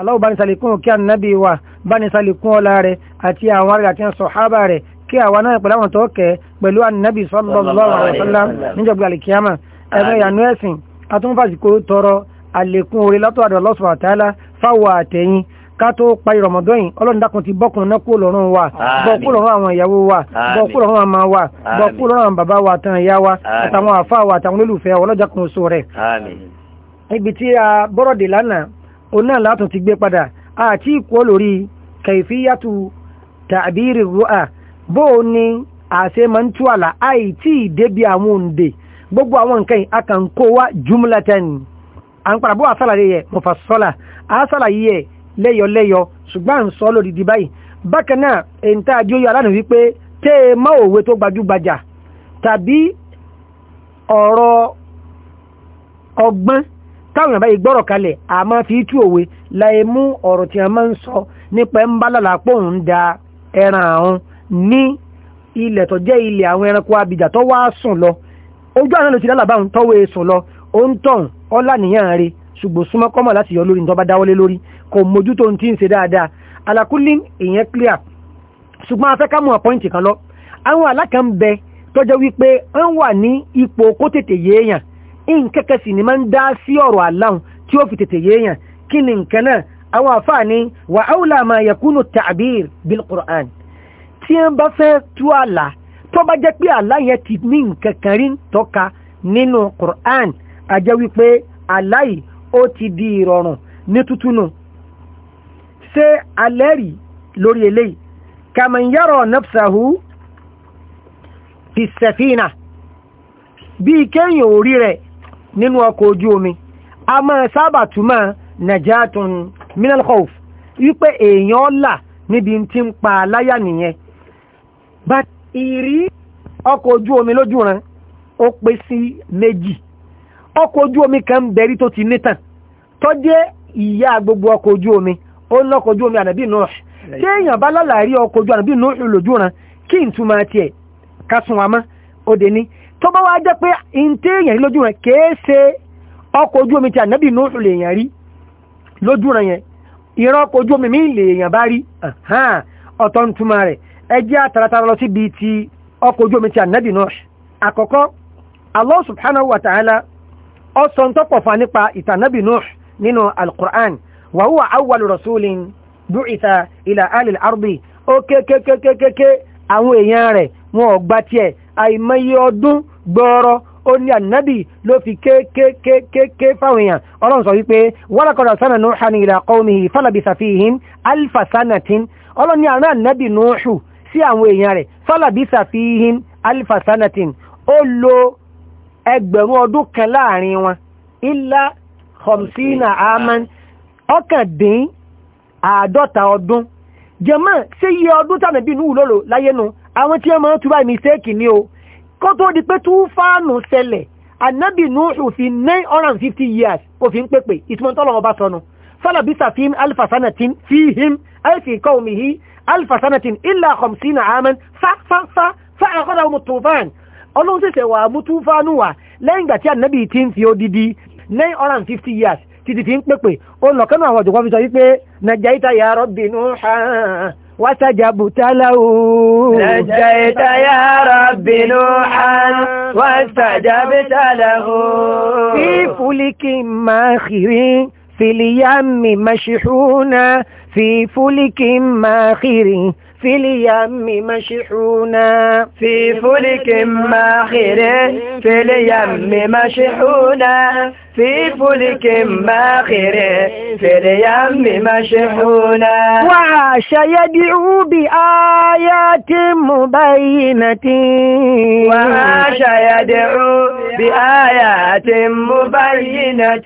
Allah bá ní sàlìkún kí ànábì wa bá ní sàlìkún ọlá rẹ̀ àti àwọn arìnrìn àti sọ̀hábà rẹ̀ kí àwa náà pẹ̀lú àwọn tó kẹ́ pẹ̀lú ànábì sallallahu alaihi wasallam níjọba àlìkíyàmà ẹgbẹ́ ìyànú ẹ̀sìn atúnfàsíkò tọrọ àlékún orí látọ̀ àdọ̀ Allah subhanahu wa ta'ala fáwọ̀ àtẹ̀yìn ká tó parí Ramadan yìí wa bọ́kú lọ́rùn wa bọ́kú lọ́rùn àmà wa bọ́kú lọ́rùn àwọn bàbá wa àtàn ìyá wa àtàwọn àfáà wa àtàwọn òun náà látún ti gbé padà àti ìkó lórí kẹfíyàtù tàbírí rúà bó o ní àṣẹ máa ń tú àlà àìtí ìdébi àwọn òǹdè gbogbo àwọn nǹkan akànkó wa jumlatan à ń padà bó àṣàlàyé yẹ mufassala àṣàlàyé yẹ lẹ́yọlẹ́yọ ṣùgbọ́n à ń sọ lórí di báyìí bákan náà èyí tá a jó yọ alánà wípé tẹ́ ẹ má òwe tó gbajúgbajà tàbí ọ̀rọ̀ ọgbọ́n táwọn ìbá ìgbọ́rọ̀ kalẹ̀ ma fi tú òwe láì mú ọ̀rọ̀ tí a ma ń sọ nípa ń bá lálàpọ̀ ń da ẹran àwọn ní ilẹ̀ tó jẹ́ ilẹ̀ àwọn ẹranko abìjà tó wá sùn lọ ojú àná ló ti lálàbáhùn tọ́wọ́ e sùn lọ ó ń ọ́là yọ lórí dáwọ́lé lórí kò ti ń ṣe dáadáa alakuli ìyẹn clear ṣùgbọ́n afẹ́ ká mú kan lọ àwọn alákàn bẹ wípé wọ́n wà ní nkẹ́kẹ́ sì ni máa ń dá sí ọ̀rọ̀ aláhùn tí ó fi tètè yéèyàn kí ni nǹkan náà àwọn àfáàní wà áwùlà máa yakunu ta'bir bil Qur'an tí wọ́n bá fẹ́ tú àlà tó bá jẹ́ pé àlá yẹn ti ní nǹkan kan rí tọ́ka nínú Qur'an a wípé àlá yìí ó ti di ìrọ̀rùn ní tútúnù ṣé alẹ́rì lórí eléyìí kàmán yàrá fi safina bíi kéèyàn ò rí rẹ̀ nínú ọkọ̀ ojú omi a máa sábà túmọ̀ najatun minal khawf wípé èèyàn là níbi tí ń pa láyà nìyẹn but ìrí ọkọ̀ ojú omi lójú ran ó pé sí méjì ọkọ̀ ojú omi kan bẹ̀rí tó ti nítàn tó jẹ́ ìyá gbogbo ọkọ̀ ojú omi ó ń lọ́kọ̀ ojú omi ànàbí nù tí èèyàn bá lálàá rí ọkọ̀ ojú ànàbí nù lójú ran kí n tó bá wá jẹ́ pé ìntẹ́ èèyàn rí lójú rẹ̀ kéése ọkọ̀ ojú omi tí ànábì Nuhu lè èèyàn rí lójú rẹ̀ yẹn ìran ọkọ̀ ojú omi mi lè èèyàn bá rí ọ̀tọ̀ ń túmọ̀ rẹ̀ ẹ jẹ́ àtàràtàrà lọ síbi ti ọkọ̀ ojú omi tí ànábì Nuhu àkọ́kọ́ Allah subhanahu wa ta'ala ó sọ ń tọ́pọ̀ fa nípa ìtànábì àwọn èèyàn rẹ̀ wọn ò gbá tiẹ̀ àìmọye ọdún gbọ́ọ̀rọ̀ ó ní ànábì ló fi kéèkéèkéèké fáwọn èèyàn ọlọ́run sọ wípé wọ́lọ́kọ̀dọ̀ sánà Nuhan ila qawmihi falabisa fihim alfa sanatin ọlọ́run ní àrán ànábì Nuhu sí àwọn èèyàn rẹ̀ falabisa fihim alfasanatin sanatin ó lo ẹgbẹ̀rún ọdún kan láàrin wọn illa khamsina aman ọkàndín àádọ́ta ọdún jẹ́mọ́ sí iye ọdún tàbí nínú lòlò láyé nu àwọn tí wọ́n máa ń túbà mistake ni o kó tó di pé túfánù ṣẹlẹ̀ anabi nuhu fi nine hundred and fifty years kò fi ń pèpè ìtumọ̀ tọ́lọ̀ ọba sọnù falabisa fihim alfasanatin fihim alfi qawmihi alfasanatin illa khamsina aman fa fa fa fa akhadahum tufan ọlọ́run ṣẹ̀ṣẹ̀ wà mú túfánù wà lẹ́yìn ìgbà tí anabi ti ń fi odidi nine hundred and fifty years títí fi ń pèpè ó وسجبت له نجيت يا رب نوحا واستجبت له في فلك ماخر في اليم مشحونا في فلك ماخر في اليم مشحونا في فلك ماخر في اليم مشحونا في فلك ماخر في اليم مشحونا وعاش يدعو بآيات مبينة وعاش يدعو بآيات مبينة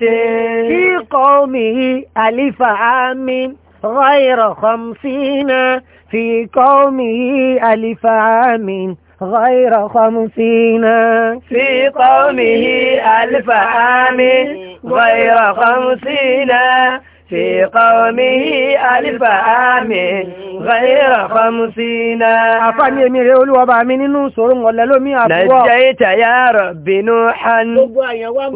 في قومه ألف عام غير خمسين في قومه ألف عام غير خمسين في قومه ألف عام غير خمسين في قومه ألف عام غير خمسين àfáàní èmi rẹ̀ olúwa bá mi nínú ìṣòro ọ̀lẹ́ lómi àbúwọ̀ nàìjíríà yà rọ̀bì Nuhan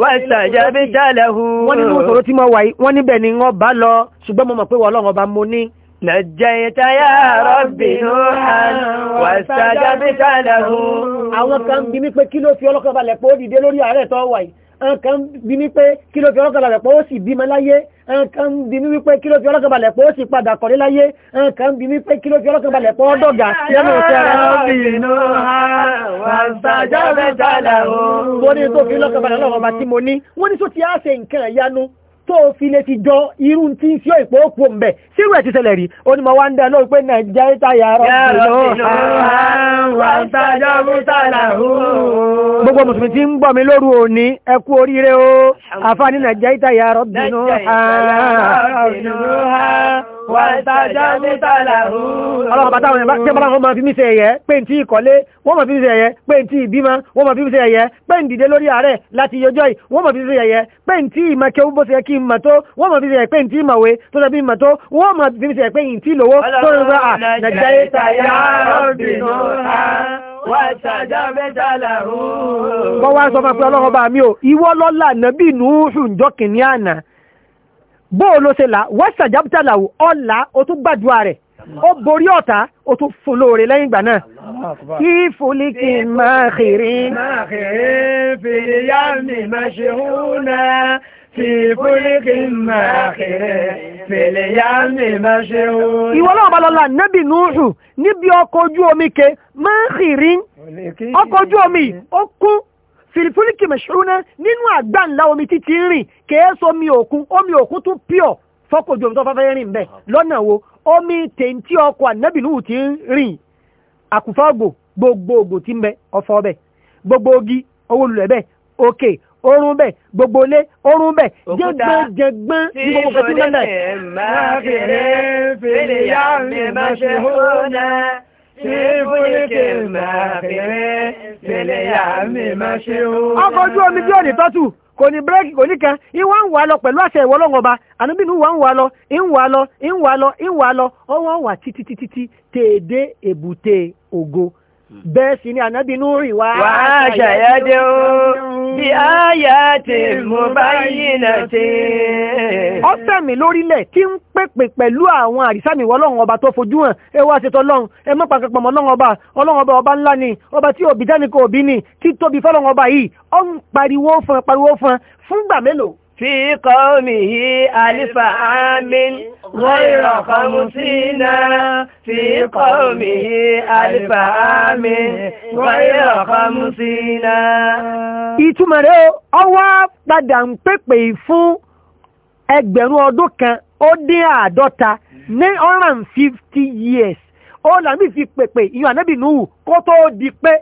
wàṣàjábítà lẹ́hu wọ́n nínú ìṣòro tí mo wà yìí wọ́n níbẹ̀ ni wọ́n bá lọ ṣùgbọ́n mo mọ̀ pé wọ́n Ọlọ́run ọba mo ní نجيت يا ربي نوحا واستجبت له àwọn kan bi mí pé kí fi ọlọ́kàn balẹ̀ pé ó dìde lórí ààrẹ tó wà yìí kan bi mí pé kí ló fi ọlọ́kàn balẹ̀ pé ó sì bímọ láyé àwọn kan bi mí pé kí fi ọlọ́kàn balẹ̀ pé ó sì padà kọ̀lé láyé àwọn kan bi mí pé kí ló fi ọlọ́kàn balẹ̀ pé ó dọ̀gà lẹ́nu ìṣẹ́ra wọ́n ní tó fi ọlọ́kàn balẹ̀ lọ́wọ́ bá tí mo ní wọ́n ní ti á ṣe nǹkan ìyanu tó fi lè ti jọ irú tí ń fi ó ìpò òpó ń sírù ẹ̀ ti ṣẹlẹ̀ rí onímọ̀ wá ń dá lórí pé nàìjíríà ìtayà rọ̀ gbogbo mùsùlùmí tí ń gbọ́ mi lóru òní ẹ oríire o àfáà ní nàìjíríà ìtayà rọ̀ bínú Ọlọ́pàá táwọn ẹ̀bá kí ọmọ máa fi mí ṣe ẹ̀yẹ, pé n tí ìkọ́lé, wọ́n máa fi mí ṣe ẹ̀yẹ, pé n tí ìbímọ, wọ́n máa fi mí ṣe ẹ̀yẹ, pé n dìde lórí ààrẹ láti yọjọ́ yìí, wọ́n máa fi mí ṣe ẹ̀yẹ, pé n tí ìmọ̀ kí bó ṣe yẹ kí n mọ̀ tó, wọ́n máa fi mí ṣe ẹ̀yẹ, pé n tí ìmọ̀wé bá mi ò, ìwọ lọ́la nàbí nùúrù ǹjọ́ kìnìún àná bóò ló ṣe là wẹ́sà jábítàlàwò ọ̀là ó tún gbàdúrà rẹ̀ ó borí ọ̀tá ó tún fún lóore lẹ́yìn ìgbà náà kí fúlíkì máa kéré fìyà mi máa ṣe fi fúlíkì máa kéré fìyà mi máa ṣe hún náà. ìwọ náà balọ̀lá nẹ́bì níbi ọkọ̀ ojú omi ke máa kéré ọkọ̀ ojú omi ó kún fìlìfúlìkì mẹ̀ṣúrúnà nínú àgbà ńlá omi títí rìn omi òkun omi òkun tún pure fọ́kòjò omi tó fẹ́fẹ́ rìn bẹ́ẹ̀ ah. lọ́nà wo omi tèǹtí ọkọ̀ ti rìn àkùfọ́gbò ti ń bẹ ọfọ bẹ gbogbo ogi owó lulẹ̀ bẹ òkè orun gbogbo ilé orun ní gbogbo tí ọkọ̀ ojú omi bí òní tọ́tù kò ní bírèkì kò ní kan ìwà ń wà lọ pẹ̀lú àṣẹ ìwọ lọ́wọ́ ọba ànúbìnú wà ń wà lọ ń wà lọ ń wà lọ ń wà lọ ọwọ́ wà títí títí tèdè èbúté ògo bẹ́ẹ̀ sì ni ànábì Núhù wá ṣàyẹ́dẹ́ ó bí áyàtì mubayyinatin. ó fẹ̀mí lórílẹ̀ tí ń pèpè pẹ̀lú àwọn àrísàmì ọlọ́run ọba tó fojú hàn ẹ wá ṣètò ọlọ́run ẹ mọ́ pàkàpọ̀ mọ́ ọlọ́run ọba ọlọ́run ọba ọba ńlá ni ọba tí òbí dánìkan òbí ni títóbi fọlọ́run ọba yìí ó ń pariwo fún pariwo fún fúngbà mélòó في قومه ألف عام غير خمسين في قومه ألف عام غير خمسين ìtumọ̀ rẹ̀ ó wá padà ń pèpè fún ẹgbẹ̀rún ọdún kan ó dín àádọ́ta ní ọ̀ràn fifty years ó làmì fi pèpè ìyọ̀ ànábì Nuhu kó tó di pé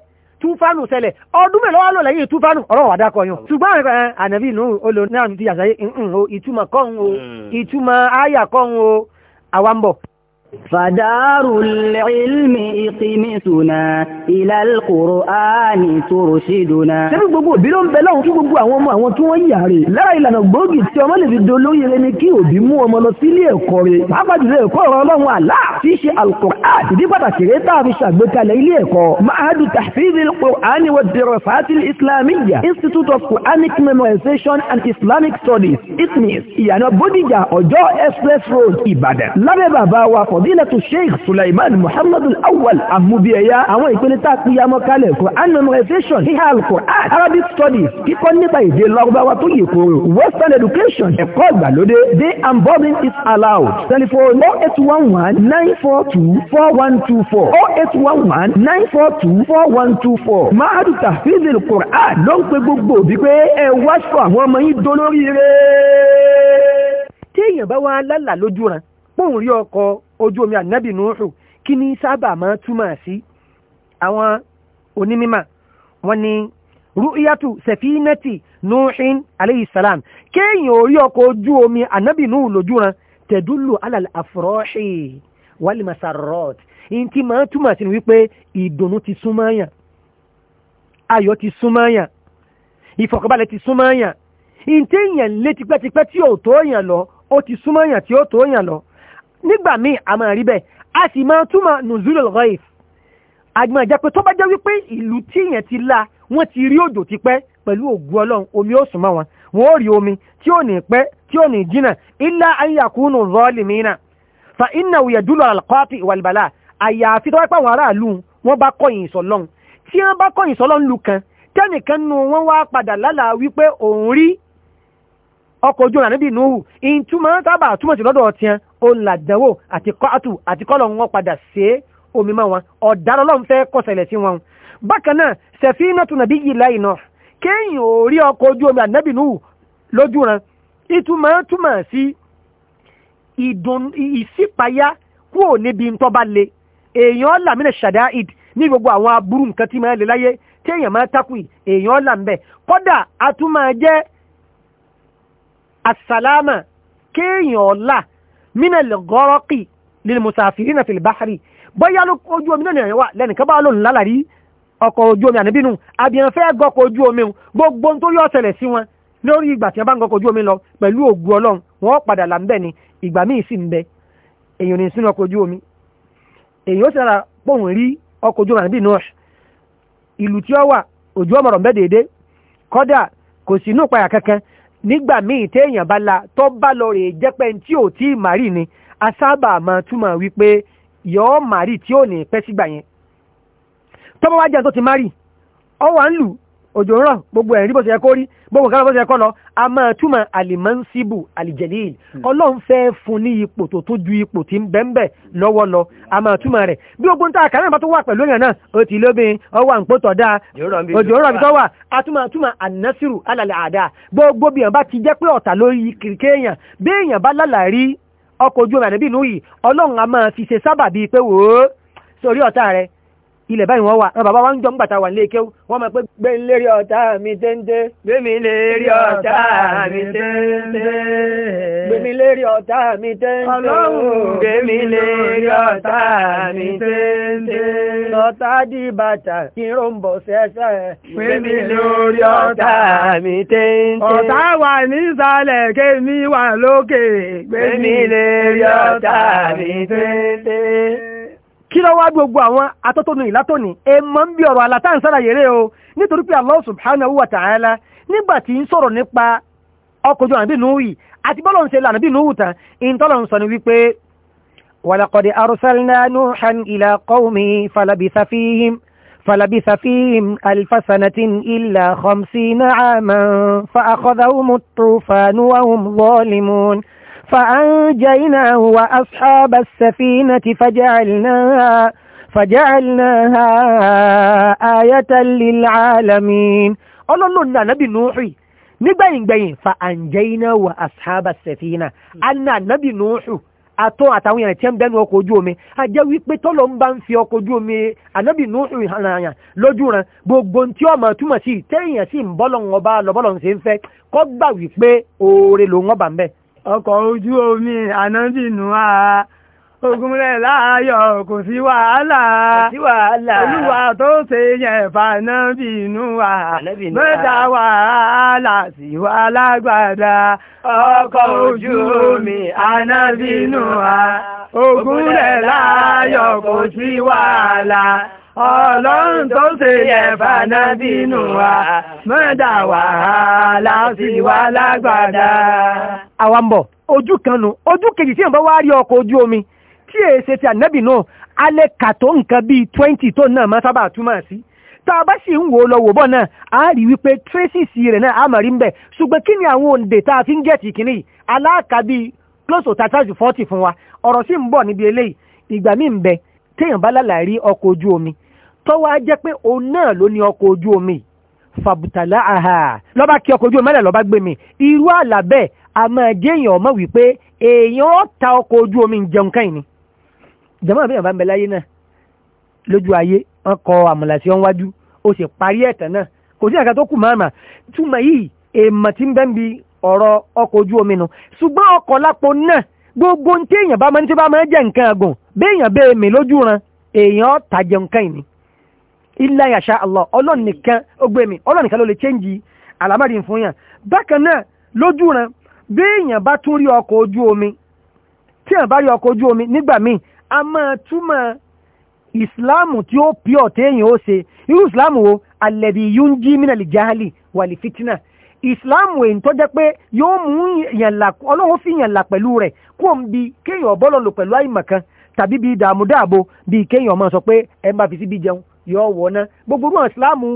túfánù ṣẹlẹ̀ ọdún mẹ́lọ wà lọ lẹ́yìn túfánù ọ̀rọ̀ wà dákọ̀ yàn ṣùgbọ́n ẹ̀kọ́ ànàbí inú olo náà ti yàtọ̀ ìtumọ̀ kọ́hún o ìtumọ̀ hmm. àyà kọ́hún o àwa ń bọ̀. فدار العلم اقمتنا إلى القرآن ترشدنا ṣé gbogbo òbí ló ń bẹ lọ́wọ́ fún gbogbo àwọn ọmọ àwọn tí wọ́n yà rè lára ìlànà gbòógì tí ọmọ lè fi dolóyè rẹ ni kí òbí mú ọmọ lọ sílé ẹ̀kọ́ rẹ̀ pàápàá jùlọ ẹ̀kọ́ ọ̀rọ̀ ọlọ́run àlá tí í ṣe alukur'an institute of quranic memorization and islamic studies ismis ìyànà bódìjà ọjọ́ express road ìbàdàn lábẹ́ bàbá wa kọ fadilatu sheikh suleiman muhammad awwal amubiyaya àwọn ìpele tá a pín yamọ kalẹ̀ kọ anonization híhá alquran arabic studies kíkọ́ nípa èdè lọ́gbàwá tó yẹ kóró western education ẹ̀kọ́ ìgbàlódé day and bobbing is allowed telephone oh eight one one nine four two four one two four oh eight one one nine four two four one two four mahadu tahfizil quran ló ń pe gbogbo òbí pé ẹ wá sọ àwọn ọmọ yín dolóríire. téèyàn bá wá lálàá lójú ràn póun rí ọkọ ojú omi ànábì Nuhu kí ní sábà máa túmọ̀ sí àwọn onímímà wọ́n ní ru'yatu safinati Nuhin alayhi salam kéèyàn orí ọkọ̀ ojú omi ànábì Nuhu lójú ran tẹ̀dúlù alàlẹ́ àfọ̀rọ́ṣì wàlìmọ̀sàrọ̀t in ti máa túmọ̀ sí wípé ìdùnnú ti súnmọ́yàn ayọ̀ ti súnmọ́yàn ìfọ̀kànbalẹ̀ ti súnmọ́yàn in téèyàn lé tipẹ́tipẹ́ tí ò tó yàn lọ ó ti súnmọ́yàn tí ó tó yàn lọ nígbà míì a máa rí bẹ́ẹ̀ a sì máa túmọ̀ nùzúlò rọ́ì àgbọn ìjẹ́ pé tó bá jẹ́ wípé ìlú tí yẹn ti la wọ́n ti rí òjò ti pẹ́ pẹ̀lú ògùn ọlọ́run omi ó sùn mọ́ wọn wọn ó rí omi tí ò ní pẹ́ tí ò ní jìnnà ilá ayakunu zọ́ọ̀lìmínà fa iná òye dúró alkọ́ọ̀tì ìwàlìbàlà àyàfi tó wáyé pàwọn aráàlú wọn bá kọ̀yìn ìsọ̀lọ́run tí wọ́n bá kọ̀yìn ìsọ̀lọ́run lu kan tẹ́nìkan nu wọn wá padà lálàá wípé òun rí ọkọ̀ ojú ọ̀nà níbi ìnúhù ìtumọ̀ sábà túmọ̀ sí lọ́dọ̀ ọ̀tíyàn òun làdánwò àti kọ́àtù àti kọ́lọ̀ wọn padà sí omi mọ́ wọn ọ̀daràn ọlọ́run fẹ́ kọsẹ̀lẹ̀ sí wọn. bákan náà safinatu nabiyillahi Nuh kéèyàn ò rí ọkọ̀ ojú omi ànábì Nuhu lójú ran ìtumọ̀ túmọ̀ sí ìsípayá kúrò níbi ntọ́ bá le èèyàn làmínà ṣàdáìd ní gbogbo àwọn aburú nǹkan tí máa lè láyé tí èèyàn máa takù èèyàn là kódà a tún máa jẹ́ àsàlámà kéèyàn ọ̀la mina lè gọ́rọ́kì lílì musafiri na filibahari bóyá ojú omi náà wà lẹ́nìkan bá lòun lálàrí ọkọ̀ ojú omi àníbínú àbíyàn fẹ́ gọkọ̀ ojú omi gbogbo tó yọ ọ̀sẹ̀lẹ̀ sí wọn lórí ìgbà tí wọ́n bá ń gọkọ̀ ojú omi lọ pẹ̀lú ògùn ọlọ́run wọ́n padà là ń bẹ̀ ni ìgbà míì sì ń bẹ èèyàn ní sínú ọkọ̀ ojú omi èèyàn ó sì rárá pòun rí ọkọ̀ ojú omi àníbínú ìlú tí ó wà òjò ọmọràn bẹ́ẹ̀ déédéé kọ́dà kò sí inú ìpayà kankan nígbà míì téèyàn bá la tó bá lọ rè jẹ́pẹ́ tí ò tí màrí ni a sábà máa túmọ̀ wípé yọ̀ọ́ màrí tí ò ní pẹ́ sígbà yẹn tọ́mọ́ wá tó ti márì ọwọ́ à ń lù òjò gbogbo ẹ̀rí bó ṣe gbogbo nǹkan bó ṣe yẹ lọ a máa túmọ̀ àlìmọ́nsíbù hmm. ọlọ́run fẹ́ fún ní ipò tó tó ju ipò lọ́wọ́ lọ a máa túmọ̀ rẹ̀ bí ogun tá a tó wà pẹ̀lú èèyàn náà o ti lóbin ọwọ́ àǹpó tó wà a túmọ̀ túmọ̀ ànásírù àdá gbogbo bí ọba, bá ti jẹ́ pé ọ̀tà lórí kìrìkẹ́ ilẹ̀ báyìí wọ́n wà ẹ bàbá wa ń jọ ńgbàtà wà nílé kéwú wọ́n máa pé gbé ń lérí ọ̀tá mi téńté gbé mi lérí ọ̀tá mi téńté gbé mi lérí ọ̀tá mi téńté ọlọ́run gbé mi lérí ọ̀tá mi téńté lọ́tà di bàtà kí n ròún bọ̀ sẹ́sẹ́ gbé mi lórí ọ̀tá mi téńté ọ̀tá wà nísàlẹ̀ kémi wà lókè gbé mi lérí ọ̀tá mi téńté kí lọ wá gbogbo àwọn atótónu ìlátòní ẹ mọ́ ń bí ọ̀rọ̀ alátàǹsára yẹrẹ o nítorí pé Allah subhanahu wa ta'ala nígbà tí ń sọ̀rọ̀ nípa ọkọ̀jú àbí nùúyì àti bọ́lọ̀ ń ṣe lànà bí nùúwù tán ìntọ́lọ̀ ń sọ ni wípé walaqad arsalna nuhan فأنجيناه وأصحاب السفينة فجعلناها فجعلناها آية للعالمين ọlọ́lọ́run náà nábì nùúhì nígbẹ̀yìngbẹ̀yìn fa àǹjẹ́yìnà wà àṣàbà sẹ̀fìnà àná nábì nùúhù àtọ́ àtàwọn èèyàn tí ń bẹ́nu ọkọ̀ ojú omi àjẹ́ wípé tọ́lọ ń bá ń fi ọkọ̀ ojú omi ànábì nùúhù ìhànàyàn lójú ran gbogbo tí ọmọ túmọ̀ sí téèyàn sì ń bọ́lọ̀ ń ọba lọ́bọ́lọ̀ ń ṣe ń fẹ́ kọ́ gbà wípé oore lòun ọba ń bẹ́ẹ̀ ọkọ̀ ojú omi ànábìnú a ogunlẹ̀ láàyọ̀ kò sí wàhálà olúwa tó ṣe yẹn fànábìnú a mẹ́ta wàhálà sí wà lágbàdá ọkọ̀ ojú omi ànábìnú a ogunlẹ̀ láàyọ̀ kò sí wàhálà ọlọ́run tó ṣe ẹ̀fà náà dínú wa mọ́dà wàhálà sí wa lágbàdá. àwa ojú kan ojú kejì tí ìyànbá wá rí ọkọ̀ ojú omi tí èyí ṣe ti ànábì náà alẹ́ nǹkan bíi twenty tó náà máa sábà túmọ̀ sí tá a bá sì ń wò ó lọ wò náà a rí wípé traces rẹ̀ fi ń gẹ̀tì aláàkà bíi close to thirty to forty fún wa ọ̀rọ̀ sì ń bọ̀ níbi omi tọ́wọ́ jẹ́ pé òun náà ló ní ọkọ̀ ojú omi fàbùtàlá àhà lọ́ba kí ọkọ̀ ojú omi mẹ́lẹ̀ lọ́ba gbé mi irú àlà bẹ́ẹ̀ a máa jẹ́ èèyàn ọmọ wípé èèyàn ó ta ọkọ̀ ojú omi jẹun káyìn ni jẹ́mọ́ àbí ìyàbá ń bẹ láyé náà lójú ayé wọn kọ àmàlà sí wọn wájú ó sì parí ẹ̀tàn náà kò sí àkàtó kù máàmà túmọ̀ yìí èèmọ̀ tí ń bẹ́ ń bi ọ̀rọ̀ ọkọ̀ ojú omi nu ṣùgbọ́n ọkọ̀ lápò náà gbogbo ní tí bá máa ń tí nǹkan àgùn béèyàn bẹ́ẹ̀ mi lójú ran èèyàn ó jẹun káyìn ni illa yasha Allah ọlọ́run nìkan ó gbé mi ọlọ́run nìkan ló lè chẹ́ǹjì alamari fún yàn bákan náà lójú rẹ̀ bí èèyàn bá tún rí ọkọ̀ ojú omi tí èèyàn bá rí ọkọ̀ omi nígbà míì a máa túmọ̀ ìsìláàmù tí ó pí ọ̀tẹ́ èèyàn ó ṣe irú ìsìláàmù wo alẹ́bí yúnjí mínàlì walifitina wà lè fitinà ìsìláàmù èyí tó jẹ́ pé yóò mú fi yànlá pẹ̀lú rẹ̀ kó yọ wọ̀ná gbogbo náà ìsìláàmù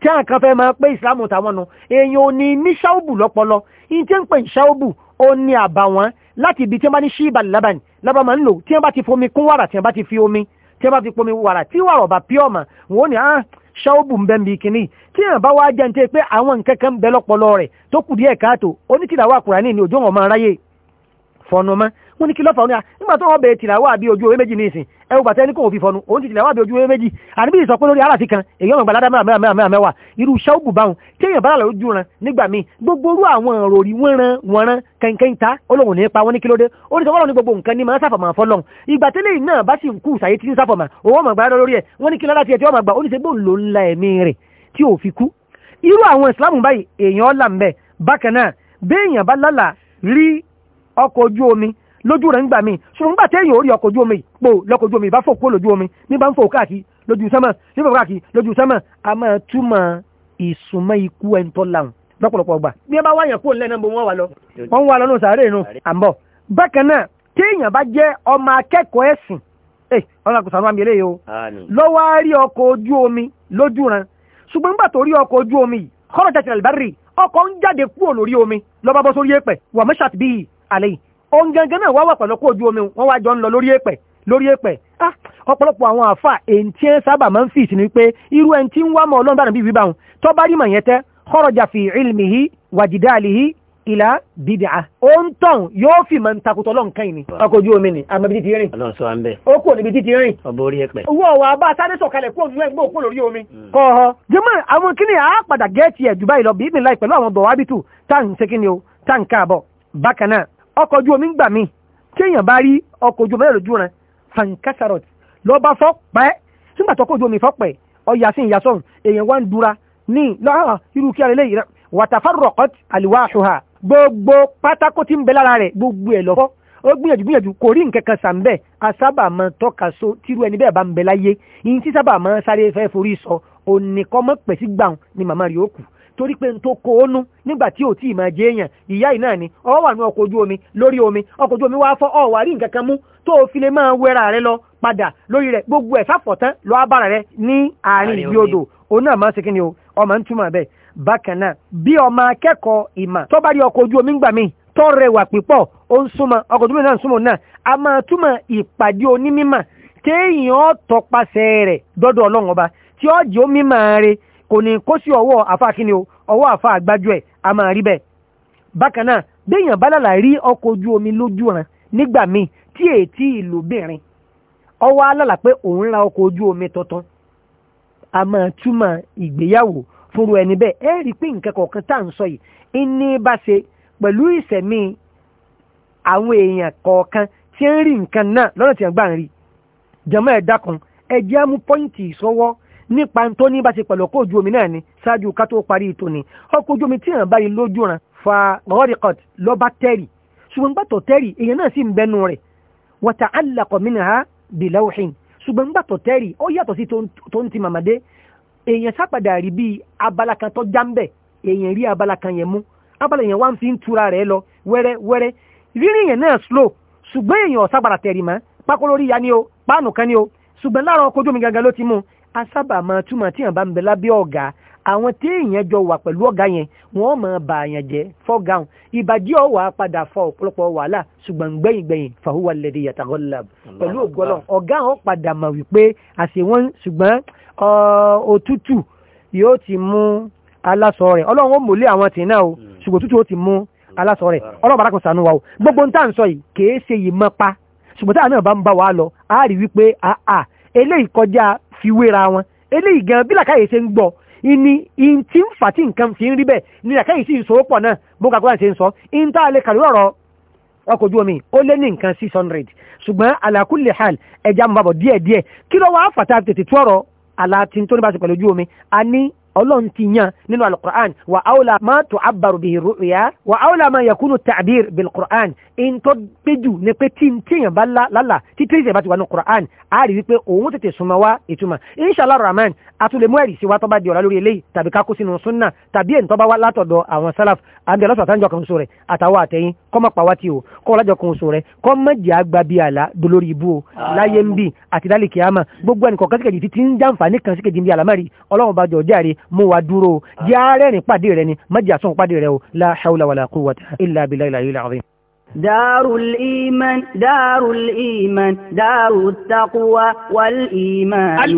tí àwọn kan fẹ́ máa pé ìsìláàmù tàwọn nu èèyàn ò ní ní ṣáòbù lọ́pọlọ yìí tí ń pè ní ṣáòbù ó ní àbàwọ́n láti ibi tí wọ́n bá ní ṣíìbà lábàní lábà máa ń lò tí wọ́n bá ti fomi kún wàrà tí wọ́n bá ti fi omi tí wọ́n bá fi pomi wàrà tí wàrà ọ̀bà pí ọ̀mà wọ́n ní ah, ṣáòbù ń bẹ́ mi kìíní tí èèyàn bá wá jẹ́ ní pé àwọn nǹkan kan ń lọ́pọlọ rẹ̀ tó kù díẹ̀ káàtó oníkìlà wà kùrà ní ìní wọn máa ráyè fọnùmọ́ wọ́n ní kí lọ́fà ní à nígbà tó wọ́n bẹ̀rẹ̀ tìlàwà bí ojú ewé méjì ní ìsìn ẹwù bàtẹ́ ní kò fi fọnu òun ti tìlàwà bí ojú ewé méjì àníbí ìsọ pé lórí aláàfin kan èyí ọmọ ìgbàládà mẹ́wàá mẹ́wàá mẹ́wàá mẹ́wàá irú ṣẹ́ọ̀bù báwọn tí èèyàn bára lójú ran nígbà míì gbogbo orú àwọn òròrí wọ́n ran wọ́n ran kẹ̀kẹ́ ta olóhùn nípa wọn ní kí ló dé ó ní sọ́kọ́lọ́ ní gbogbo nǹkan ní máa sáfàmà fọlọ́n ìgbà tẹ́lẹ̀ náà bá sì ń kú sàyé tí ń sáfàmà owó ọmọ ìgbàládà lórí ẹ̀ wọ́n ní kí lọ́lá tiẹ̀ tí ọmọ ìgbà ó ní sẹ́gbó ńlò ńlá ẹ̀mí rẹ̀ tí ò fi kú irú àwọn ìsìlámù báyìí èèyàn ọ̀là ń bẹ̀ bákan náà béèyàn bá lálà rí ọkọ̀ ojú omi lójú rẹ̀ ń gbà mí ṣùgbọ́n nígbà téèyàn orí ọkọ̀ ojú omi pò lọ́kọ̀ ojú omi bá fò kó lójú omi ní bá ń fò káàkiri lójú sánmà ní bá fò káàkiri lójú sánmà a máa túmọ̀ ìsúnmọ́ ikú ẹni tó láhùn lọ́pọ̀lọpọ̀ gbà. bí ẹ bá wáyàn kó lẹ́nu bó wọ́n wà lọ wọ́n wà lọ́nà sàárè nu àmbọ̀. bákan náà téèyàn bá jẹ́ ọmọ akẹ́kọ̀ọ́ ẹ̀sìn eh, ọ̀nà kò sànú àmì eléyìí o lọ́wọ́ á rí ọkọ̀ ojú omi lójú ran ṣùgbọ́n nígbà tó rí ọkọ̀ ojú omi kọ́rọ̀ jẹ́ tìrẹ̀lì ọkọ̀ ń jáde kúrò lórí omi lọ́ba bọ́ sórí èèpẹ̀ wà bíi àlẹ́ òun gangan náà wá wà pẹ̀lú ọkọ̀ ojú omi wọ́n wá jọ ń lọ lórí èpẹ̀ lórí èpẹ̀ ah ọ̀pọ̀lọpọ̀ àwọn àfà èyí tí ń sábà máa ń fìs ni pé irú ẹni tí ń wá mọ̀ ọlọ́run bára bíi bíbá wọn tó bá rí mọ̀ yẹn tẹ́ kọ́rọ̀jà fi ilmihi wàjìdáàlìhi ìlà bídìá ó ń tàn yóò fi máa ń takùtọ̀ lọ́n kan ni. ọkọ̀ ojú omi ni àmọ́ ibi títí rìn. ọlọ́run àmbẹ́. ó kúrò níbi títí rìn. ọ̀bọ orí ẹ̀pẹ̀. owó ọ̀wà abá sáré sọ̀kalẹ̀ kúrò nínú ẹgbẹ́ òkú lórí omi. Hmm. kọ́ọ̀họ́ jẹ́mọ̀ àwọn kíni àápàdà gẹ́ẹ̀tì ẹ̀ Dubai lọ bí ìpínlẹ̀ pẹ̀lú àwọn bọ̀wábìtù tá à ń ṣe kíni o tá à ń káàbọ̀ bákan náà ọkọ̀ ojú omi ń gbà mí tí èèyàn bá rí ọkọ̀ ojú omi lójú rẹ̀ fankasarot lọ bá fọ́ pẹ́ nígbà tọkọ̀ ojú omi fọ́ pẹ́ ọyà sí ìyá sọ̀rùn èèyàn wá ń dura ní lọ́hàn ah, irú kí alẹ́ yìí rẹ̀ wàtàfàrọ̀kọ́t àlìwá aṣọha gbogbo pátákó tí ń bẹ lára rẹ̀ gbogbo ẹ̀ lọ́fọ́ ó gbìyànjú gbìyànjú kò rí nǹkan kan sàmbẹ́ a sábà máa tọ́ka so tírú ẹni bẹ́ẹ̀ bá ń bẹ láyé yìí tí sábà máa sáré fẹ́ forí sọ òní kọ́ mọ́ pẹ̀ sí gbàùn ni màmá rí ó kù torí pé n tó kó o nú nígbà tí ò tí ì máa jẹ èèyàn ìyá yìí náà ni ọ wà ní ọkọ̀ ojú omi lórí omi ọkọ̀ ojú omi wá fọ́ ọ wà rí nǹkan kan mú tó o fi lè máa wẹra rẹ lọ padà lórí rẹ gbogbo ẹ̀ sáfọ̀tán lọ abára rẹ ní àárín ìbí odò òun náà máa ń ṣe ni o ọmọ ń túmọ̀ bẹ́ẹ̀ bákan náà bí ọmọ akẹ́kọ̀ọ́ ìmọ̀ tó bá rí ọkọ̀ ojú omi ń gbà míì tó rẹwà pípọ̀ ó ń súnmọ́ ọkọ̀ ojú omi náà ń súnmọ́ náà a máa túmọ̀ ìpàdé onímímọ̀ téèyàn tọpasẹ̀ rẹ̀ dọ́dọ̀ ọlọ́run ọba tí ó mímọ̀ rẹ̀ kò ní kó sí ọwọ́ àfa o ọwọ́ àfa àgbájú ẹ̀ a máa rí bẹ́ẹ̀. bákan náà béèyàn bálàlà rí ọkọ̀ ojú omi lójú ràn nígbà míì tí ètí ìlú bìnrin ọwọ́ alálà pé òun ra ọkọ̀ ojú omi tuntun a máa túmọ̀ ìgbéyàwó fúnru ẹni bẹ́ẹ̀ ẹ rí i pé nǹkan kọ̀ọ̀kan tá à ń sọ yìí ní bá ṣe pẹ̀lú ìṣẹ̀mí àwọn èèyàn kọ̀ọ̀kan tí ń rí nǹkan náà lọ́nà tí wọ́n gbà ń rí jẹ̀mọ́ ẹ̀dá kan ẹ̀jẹ̀ á mú pọ́ìntì ìṣọwọ́ nípa tó ní bá ṣe pẹ̀lú ọkọ̀ ojú omi náà ni ṣáájú ká tó parí ètò ni ọkọ̀ ojú omi tí ìrànbá yìí lójú ran fa rọ́dìkọ̀t lọ́ba tẹ́rì ṣùgbọ́n gbàtọ̀ tẹ́rì èèyàn náà sì ń bẹnu rẹ̀ wọ́tà alákọ̀ mìíràn bìláwùhìn ṣùgbọ́n gbàtọ̀ tẹ́rì ó yàtọ̀ sí tó ń ti màmàdé èèyàn sápadà rí bí abala kan tó jáǹbẹ̀ èèyàn rí abala kan yẹn mú abala yẹn wá ń fi ń tura rẹ̀ lọ wẹ́rẹ́ wẹ́rẹ́ rírìn yẹn náà slow ṣùgbọ́n èèyàn ọ̀sàgbàrà tẹ̀rì mọ́ pákó lórí ya ni o páànù kan ni o ṣùgbọ́n láàárọ̀ ọkọ̀ ojú omi gangan ló ti mú un a sábà máa túmọ̀ tí yàn bá ń bẹ lábẹ́ ọ̀gá àwọn tí èèyàn jọ wà pẹ̀lú ọ̀gá yẹn wọ́n máa bà àyàn jẹ́ fọ́gáhùn ìbàjẹ́ ọ̀wà padà fọ ọ̀pọ̀lọpọ̀ wàhálà ṣùgbọ́n gbẹ̀yìngbẹ̀yìn fàhùwà lẹ́dí yàtàgọ́lá pẹ̀lú ògbọ́lọ̀ ọ̀gá wọn padà mọ̀ wípé àṣẹ wọn ṣùgbọ́n òtútù yóò ti mú aláṣọ rẹ̀ ọlọ́run ó mọ̀lé àwọn tì náà o hmm. ṣùgbọ́n òtútù ó ti mú aláṣọ rẹ̀ ọlọ́run bá a rí wípé eléyìí kọjá fi wéra wọn eléyìí gan bí làkàyè ṣe ń gbọ́ ìní ìntì ń fà tí nǹkan fi ń rí bẹ́ẹ̀ ni làkàyè sì ń sọ pọ̀ náà bó kakúrà ṣe ń sọ ìntà alẹ́ kàrí ọ̀rọ̀ ọkọ̀ ojú omi ó lé ní nǹkan six hundred ṣùgbọ́n ala kulli hal ẹja ń bàbọ̀ díẹ̀díẹ̀ kí ló wàá fàtà tètè tú ọ̀rọ̀ àlá tí ń tó ní bá ojú omi a ní ọlọ́run ti yan nínú alukur'an wa aula ma tó abaru bihi ru'ya wa aula ma yakunu ta'bir bil qur'an in tó gbéjù ní pé tí tíyàn bá lálà tí tí ìṣẹ̀bá ti wà ní qur'an a rí wípé òun tètè súnmọ́ wá ìtumọ̀ inshallah rahman a tún lè mú ẹ̀rí sí wa tó bá di ọ̀la lórí eléyìí tàbí ká kó sínú sunna tàbí ẹ̀ǹ tó bá wá látọ̀dọ̀ àwọn salaf àbí ọlọ́sọ̀ àtàǹjọ kan sóre àtàwọn àtẹ̀yìn kọ́ mọ̀ pàwá tí o kọ́ ọlájọ kan sóre kọ́ mọ̀ jẹ́ àgbà bíi àlá dolórí ibú o láyé ń bì àti dálì kìámà gbogbo ẹnì kọ̀ọ̀kan síkèjì ti ń jàǹfà ní kan síkèjì ń bí àlámẹ́rì ọlọ́run bá jọ jẹ́ mú wa dúró yá ah. rẹ́rìn pàdé rẹ ni mọ́jà sún pàdé rẹ o la hawla wala quwwata illa billahi al-ali دار الإيمان دار الإيمان دار التقوى والإيمان